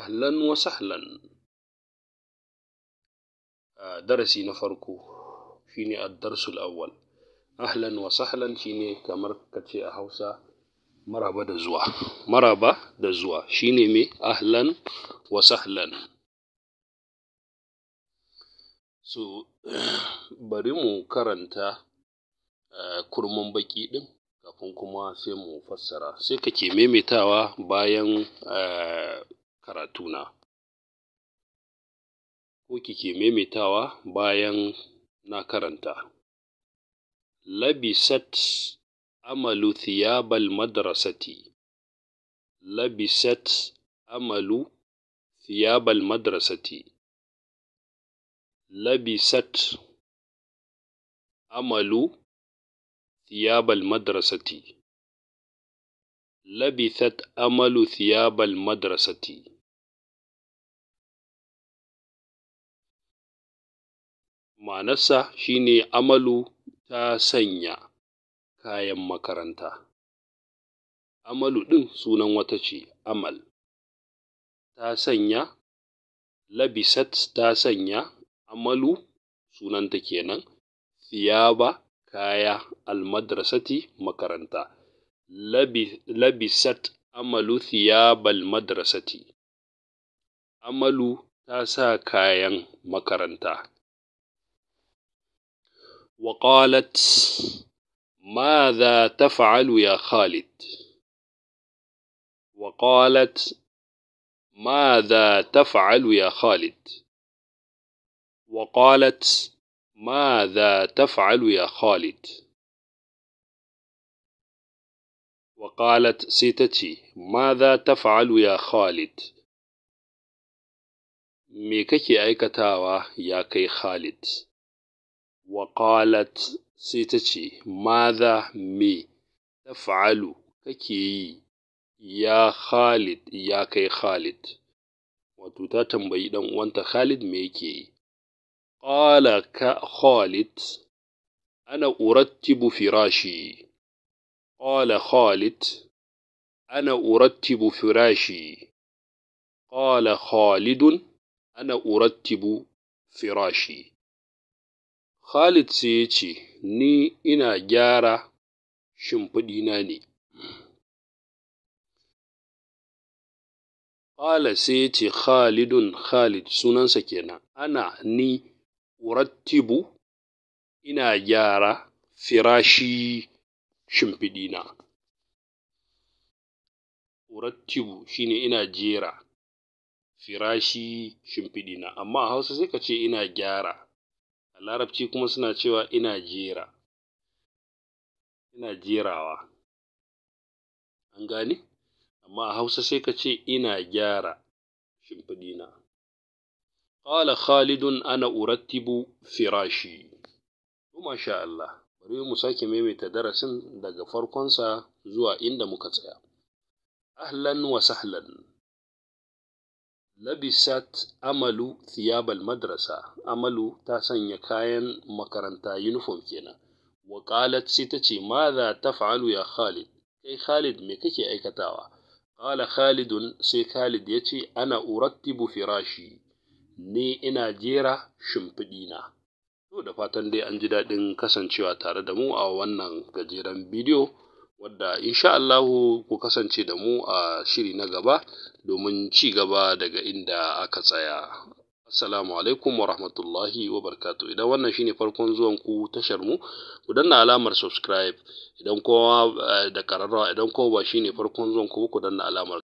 ahlan wa sahlan darasi na farko shine ad-darsul awwal ahlan wa sahlan shine kamar kace a Hausa maraba da zuwa maraba da zuwa shine me ahlan wa sahlan so bari mu karanta kurman baki din, kafin kuma sai mu fassara sai kake maimaitawa bayan uh, karatuna. Ko kike maimaitawa bayan na karanta. Labisat amalu thiyabal madrasati. Labisat amalu thiyabal madrasati. Labisat amalu thiyabal madrasati. labisat amalu Thiyabal madrasati ma'anarsa shi ne Amalu ta sanya kayan makaranta. Amalu ɗin sunan wata ce, Amal, ta sanya, Labisat ta sanya, Amalu sunanta kenan, Thiyaba kaya, Almadrasati makaranta, Labisat Amalu Thiyabal madrasati, Amalu ta sa kayan makaranta. وقالت ماذا تفعل يا خالد وقالت ماذا تفعل يا خالد وقالت ماذا تفعل يا خالد وقالت سيتتي ماذا تفعل يا خالد me kake يا كي خالد وقالت سيتشي ماذا مي تفعل كي يا خالد يا كي خالد وتتاتم تنبي وانت خالد مي كي قال كا خالد انا ارتب فراشي قال خالد انا ارتب فراشي قال خالد انا ارتب فراشي Khalid sai ya ce, Ni ina gyara shimfiɗina ne. Kala sai ya ce Khalidun Khalid sunansa kenan, ana ni urattibu ina gyara firashi shimfiɗina. Urattibu shi ina jera firashi shimfiɗina, amma a Hausa sai ka ce ina gyara. larabci kuma suna cewa ina jera ina jerawa an gane amma a hausa sai ka ce ina gyara shimfiɗina qala khalidun ana urattibu firashi masha Allah bari mu sake maimaita darasin daga farkonsa zuwa inda muka tsaya ahlan wa sahlan Labisat Amalu thiyabal madrasa, Amalu ta sanya kayan makaranta uniform kenan, wa qalat sai ta ce, Maza fa’alu ya Khalid, kai Khalid me kake aikatawa? Qala Khalidun sai Khalid ya ce, Ana urattibu firashi, ni ina jera shimfiɗina. To da fatan dai an ji daɗin kasancewa tare da mu a wannan gajeren bidiyo. wadda insha Allahu ku kasance da mu a shiri na gaba domin ci gaba daga inda aka tsaya. Assalamu alaikum wa rahmatullahi wa barkatu. Idan wannan shine farkon zuwan ku tashar mu, ku danna alamar subscribe idan kowa eh, da kararrawa idan kowa ba shine farkon zuwan ku ku danna alamar